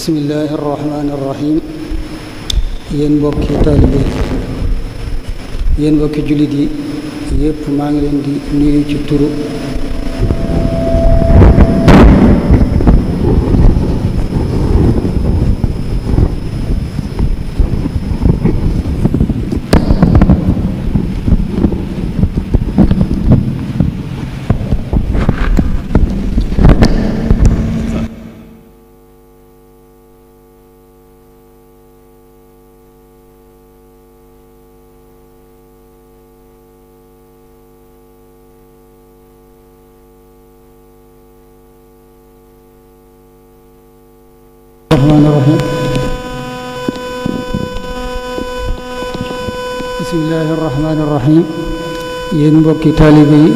bismillaahi arrahmaani arrahiim yéen mbokki taalibe yi yéen mbokki jullit yi yépp maa ngi leen di nuyu ci turu الرحمن الرحيم bismillaahi rahmaani rahiim yéen mbokki taalibe yi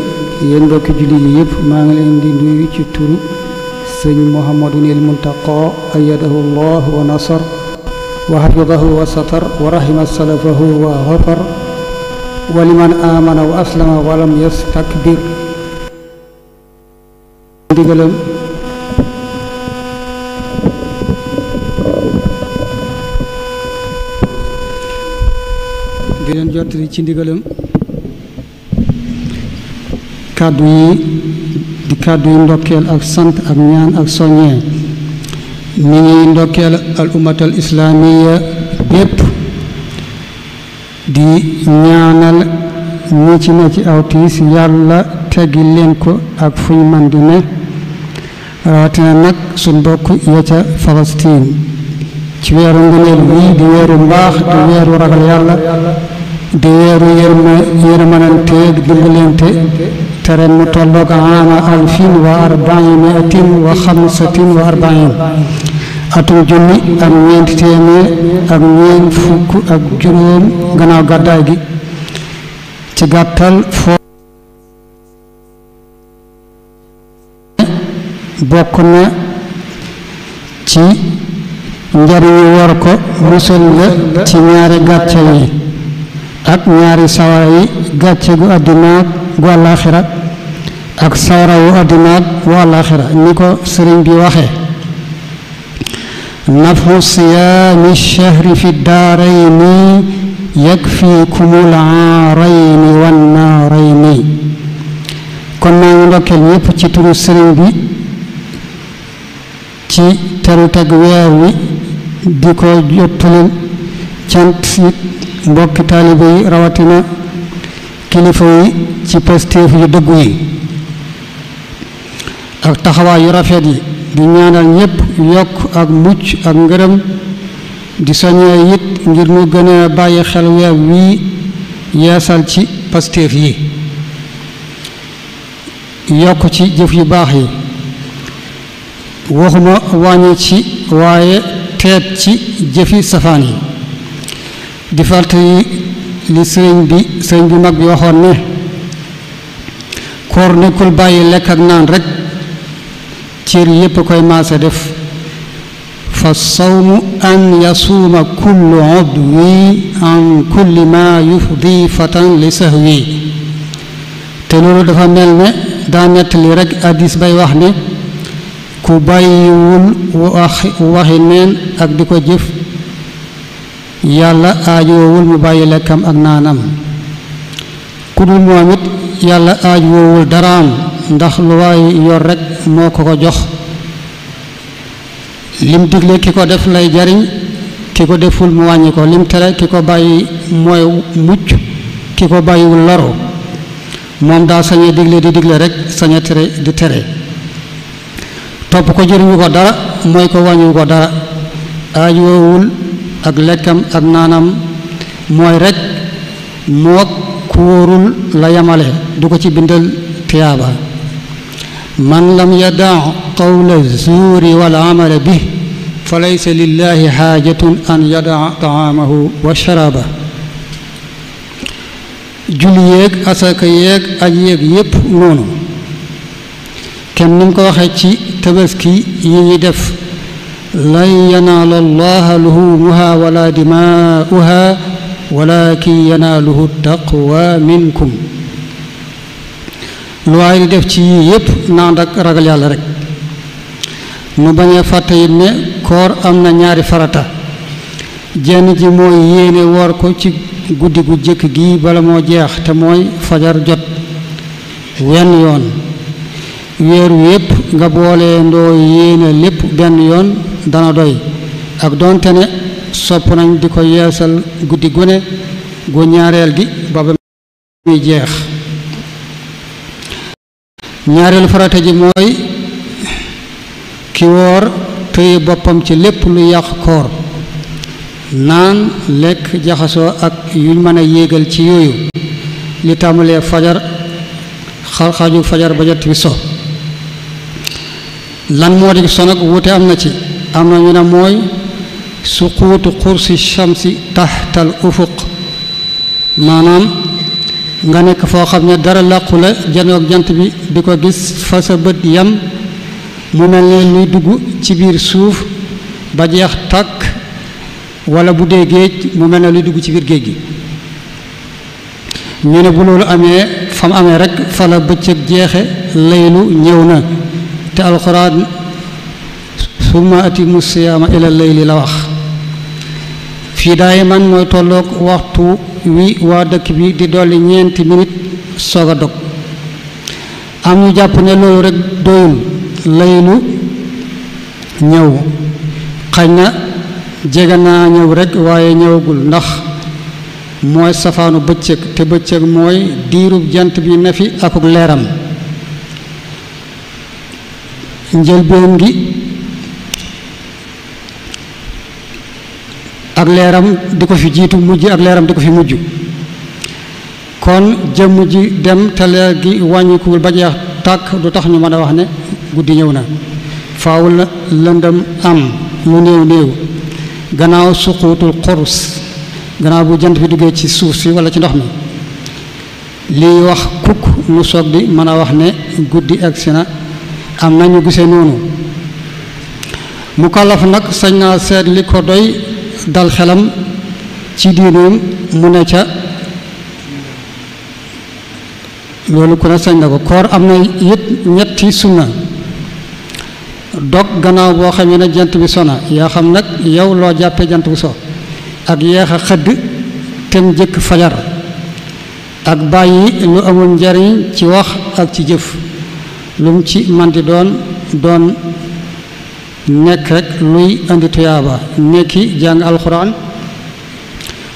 yéen mbokki julli yi yëpp maa ngi leen di nuyu ci turu sëñ Muhammadunil Muntaqa ayyadahu llah wa nasar wa hafidahu wa satar wa rahima salafahu wa xafar wa liman amana wa aslama wa lam yastakbir ndigalam di leen jottali ci ndigalam kàddu yi di kàddu yi ndokkeel ak sant ak ñaan ak soññee ni ñuy ndokkeel al ummatal islaamiya bépp di ñaanal ñi ci ne ci aw tiis leen ko ak fuñ man di ne rawatina nag suñ bokk ya ca Palestine ci weeru ngëneel wii di weeru mbaax di weeru ragal yàlla di weeru yërma yërmananteeg mu tolloog aama alfin wa arbain miatin wa xamsatin wa arbain atum junni ak ñeenti téeméer ak ñeent fukk ak juróom gannaaw gàddaay gi ci gàttal foo bokk na ci njariñu war ko la ci ñaari gàcce yi ak ñaari sawara yi gàcce gu àddinaak gu àllaaxira ak sawara wu àddinaak wu àllaaxira ni ko sëriñ bi waxe nafu siyaami shahri fi daarayni yakfikumul aarayni wan naarayni kon maa ngi ndokkeel ñépp ci turu sëriñ bi ci teru teg weer wi di ko jottulil cant it mbokki taalibe rawatina kilifa yi ci pastéef yu dëggu yi ak taxawaay yu rafet yi di ñaanal ñépp yokk ak mucc ak ngërëm di soññee it ngir ñu gën bàyyi xel weer wii yeesal ci pastéef yi yokk ci jëf yu baax yi waxuma wàññi ci waaye teet ci jëfi safaan yi di fàttali li sëriñ bi sëriñ bu mag bi waxoon ne koor nekkul bàyyi lekk ak naan rek cër yépp koy maase def fa sawmu an yasuuma kullu udwi an kulli ma yufdi fatan li sahwi te loolu dafa mel ne daa nettali rek addis bay wax ne ku bàyyiwul waxi neen ak di ko jëf yàlla aajoowul mu bàyyi lekkam ak naanam ku dul moom it yàlla aajoowul daraam ndax lu waay yor rekk moo ko ko jox lim digle ki ko def lay jariñ ki ko deful mu wàññi ko lim tere ki ko bàyyi mooy mucc ki ko bàyyiwul loru moom daa sañe digle di digle rekk sañee tere di tere topp ko jëriñu ko dara mooy ko wàññiwu ko dara aajoowul ak lekkam ak naanam mooy rek mook ku wóorul la yamale du ko ci bindal tiyaaba man lam yadaa qawla zuuri wal amala bi fa laysa lillahi xaajatun an yadaa taamahu wa sharaaba julli yéeg asaka yéeg aj yéeg yépp noonu kenn ni mu ko waxee ci tabaski yi ñuy def لن ينال الله لحومها ولا دماؤها ولكن يناله التقوى منكم lu waay di def ci yii yëpp na ànd ragal yàlla rekk mu bañ a fàtte it ne koor am na ñaari farata jenn ji mooy yéene woor ko ci guddi gu jëkk gi bala moo jeex te mooy fajar jot wenn yoon weer wi nga boole ndoo yéene lépp benn yoon dana doy ak doonte ne sopp nañ di ko yeesal guddi gune gu ñaareel gi booba muy jeex ñaareelu farata ji mooy ki woor boppam ci lépp lu yàq koor naan lekk jaxasoo ak yuñ mën a yéegal ci yooyu li tàmbalee fajar xarxaaju fajar ba wi so lan moo di so nag wuute am na ci am na ñu ne mooy suquutu xursi shamsi taxtal ufuq maanaam nga nekk foo xam ne dara làqu la janoog jant bi di ko gis fa sa bët yam mu mel ne luy dugg ci biir suuf ba jeex tàkk wala bu dee géej mu mel ne luy dugg ci biir géej gi ñu ne bu loolu amee fam amee rek fa la bëccëg jeexe laylu ñëw na te alxuraan summa atimu siyaama ila layli la wax fii daay man mooy tolloog waxtu wi waa dëkk bi di dolli ñeenti minit soog a dog am ñu jàpp ne loolu rek doyul laylu ñëw xañ na jege naa ñëw rekk waaye ñëwagul ndax mooy safaanu bëccëg te bëccëg mooy diirub jant bi ne fi akuk leeram njëlbéen gi ak leeram di ko fi jiitu mujj ak leeram di ko fi mujj kon jëm ji dem te gi wàññikuwul ba tàkk du tax ñu mën a wax ne guddi ñëw na faaw la lëndëm am lu néew néew gannaaw suquutul xurus gannaaw bu jant bi duggee ci suuf si wala ci ndox mi lii wax kukk mu soog di mën a wax ne guddi egsi na am nañu gisee noonu mu kàllaf nag sañ naa seet li ko doy dalxelam xelam ci diineem mu ne ca loolu ku ne sañ na ko koor am na it ñetti sunna dog gannaaw boo xamee ne jant bi sona yaa xam nag yow loo jàppee jant bu so ak yeex a xëdd tem jëkk fajar ak bàyyi lu amul njariñ ci wax ak ci jëf lu mu ci man di doon doon nekk rek luy indi tuyaaba nekki jàng alxuraan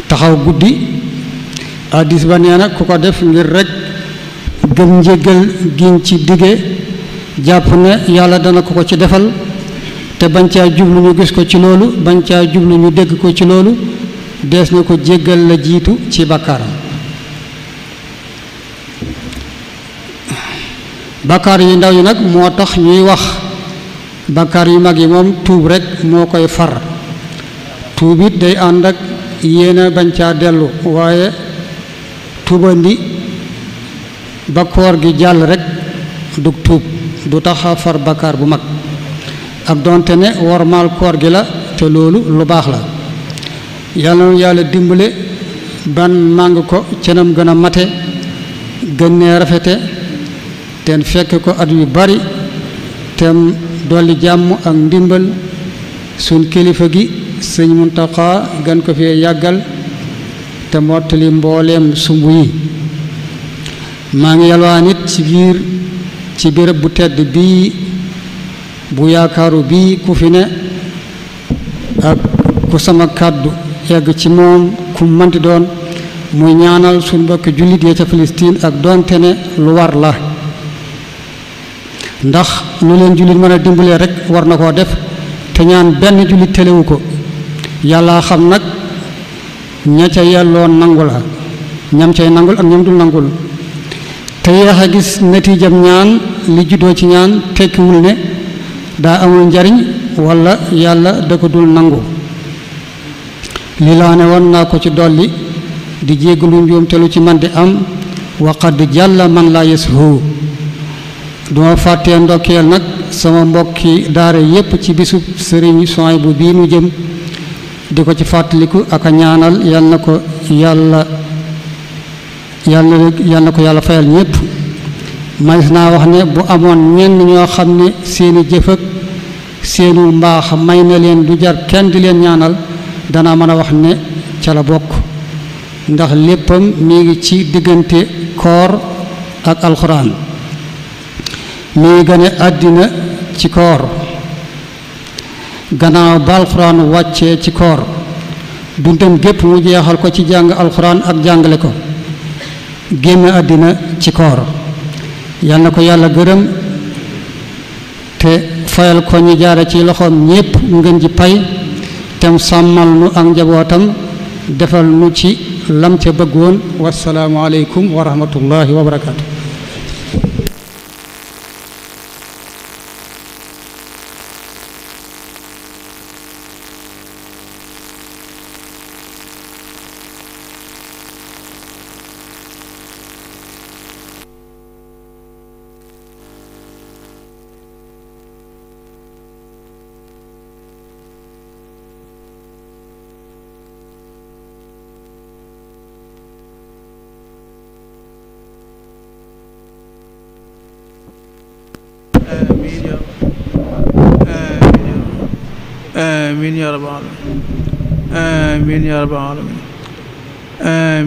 taxaw guddi addis ba nee na ku ko def ngir rek gëm njëgal gi ci dige jàpp ne yàlla dana ko ko ci defal te bañ caa jublu ñu gis ko ci loolu bañ caa jublu ñu dégg ko ci loolu dees na ko jéggal la jiitu ci bàkkaaram bàkkaar yu ndaw yi nag moo tax ñuy wax bakkaar yu mag yi moom tuub rekk moo koy far tuub it day ànd ak yéena bañ caa dellu waaye tuubandi ba koor gi jàll rekk du tuub du tax far bakkaar bu mag ak doonte ne wormaal koor gi la te loolu lu baax la yàlla na yàlla dimbale ban màng ko cenam gën mate gën nee rafete ten fekk ko at yu bari tem dolli jàmm ak ndimbal sun kilifa gi sëñ Muntaxa gën ko fee yàggal te mottali mbooleem sumb yi maa ngi yalwaan it ci biir ci béréb bu tedd bii bu yaakaaru bii ku fi ne ak ku sama kàddu yegg ci moom ku manti doon muy ñaanal suñ mbokki jullit ya ca Palestine ak doonte ne lu war la ndax ñu leen jullit mën a dimbalee rek war na koo def te ñaan benn jullit télewu ko yàlla xam nag ña ca yelloo nangu la ñam cay nangul ak ñam dul nangul te yeex a gis natiijam ñaan li juddoo ci ñaan tekkiwul ne daa amul njariñ walla yàlla da nangu li laa ne woon naa ko ci dolli di jéggalu njuum te lu ci man di am waqad jàlla man laa yashu duma fàtte ndokkeel nag sama mbokki daara yépp ci bisub sëriñ soy bu bii mu jëm di ko ci fàttaliku ak a ñaanal yal na ko yàlla yal na ko yàlla fayal ñépp mais naa wax ne bu amoon ñenn ñoo xam ne seeni jëf seenu mbaax may na leen du jar kenn di leen ñaanal danaa mën a wax ne ca la bokk ndax léppam mi ngi ci diggante koor ak alxuraan mi ngi gane àddina ci koor gannaaw ba alxuraan wàccee ci koor dundam gépp mu jeexal ko ci jàng alxuraan ak jàngale ko génn àddina ci koor yal na ko yàlla gërëm te fayal ko ñu jaare ci loxoom ñépp ngeen ji pay tem sàmmal nu ak njabootam defal nu ci lam ca bëggoon wasalaamu aleykum wa rahmatullahi wa barakaatu آمين يا رب العالمين آمين يا رب العالمين آمين